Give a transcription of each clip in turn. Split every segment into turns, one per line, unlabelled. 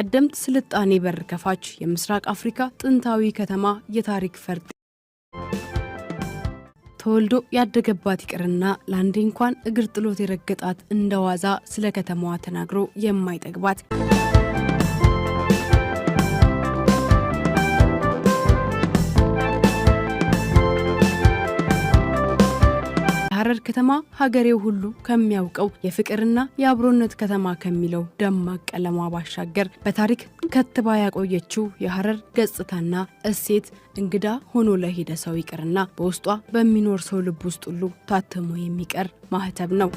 ቀደምት ስልጣኔ በር ከፋች የምስራቅ አፍሪካ ጥንታዊ ከተማ የታሪክ ፈርጥ ተወልዶ ያደገባት ይቅርና ለአንዴ እንኳን እግር ጥሎት የረገጣት እንደ ዋዛ ስለ ከተማዋ ተናግሮ የማይጠግባት ከተማ ሀገሬው ሁሉ ከሚያውቀው የፍቅርና የአብሮነት ከተማ ከሚለው ደማቅ ቀለሟ ባሻገር በታሪክ ከትባ ያቆየችው የሀረር ገጽታና እሴት እንግዳ ሆኖ ለሄደ ሰው ይቅርና በውስጧ በሚኖር ሰው ልብ ውስጥ ሁሉ ታትሞ የሚቀር ማህተብ ነው።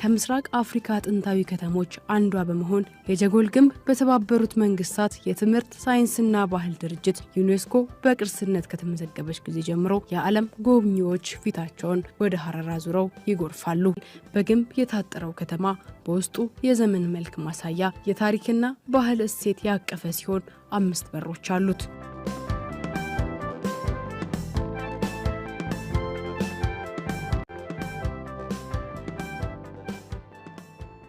ከምስራቅ አፍሪካ ጥንታዊ ከተሞች አንዷ በመሆን የጀጎል ግንብ በተባበሩት መንግስታት የትምህርት ሳይንስና ባህል ድርጅት ዩኔስኮ በቅርስነት ከተመዘገበች ጊዜ ጀምሮ የዓለም ጎብኚዎች ፊታቸውን ወደ ሀረራ ዙረው ይጎርፋሉ። በግንብ የታጠረው ከተማ በውስጡ የዘመን መልክ ማሳያ፣ የታሪክና ባህል እሴት ያቀፈ ሲሆን አምስት በሮች አሉት።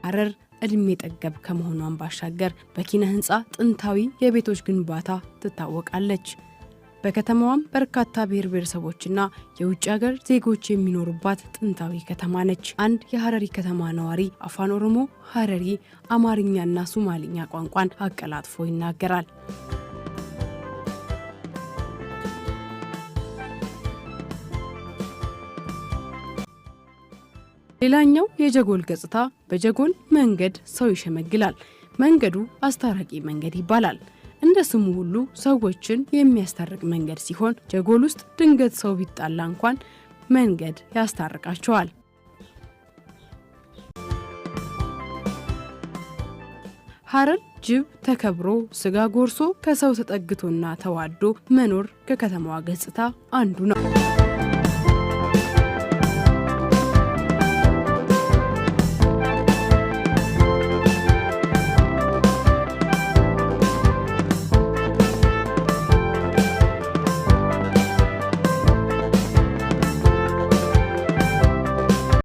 አረር እድሜ ጠገብ ከመሆኗን ባሻገር በኪነ ህንፃ ጥንታዊ የቤቶች ግንባታ ትታወቃለች። በከተማዋም በርካታ ብሔር ብሔረሰቦችና የውጭ ሀገር ዜጎች የሚኖሩባት ጥንታዊ ከተማ ነች። አንድ የሀረሪ ከተማ ነዋሪ አፋን ኦሮሞ፣ ሀረሪ፣ አማርኛና ሱማሊኛ ቋንቋን አቀላጥፎ ይናገራል። ሌላኛው የጀጎል ገጽታ በጀጎል መንገድ ሰው ይሸመግላል። መንገዱ አስታራቂ መንገድ ይባላል። እንደ ስሙ ሁሉ ሰዎችን የሚያስታርቅ መንገድ ሲሆን ጀጎል ውስጥ ድንገት ሰው ቢጣላ እንኳን መንገድ ያስታርቃቸዋል። ሀረር ጅብ ተከብሮ ስጋ ጎርሶ ከሰው ተጠግቶና ተዋዶ መኖር ከከተማዋ ገጽታ አንዱ ነው።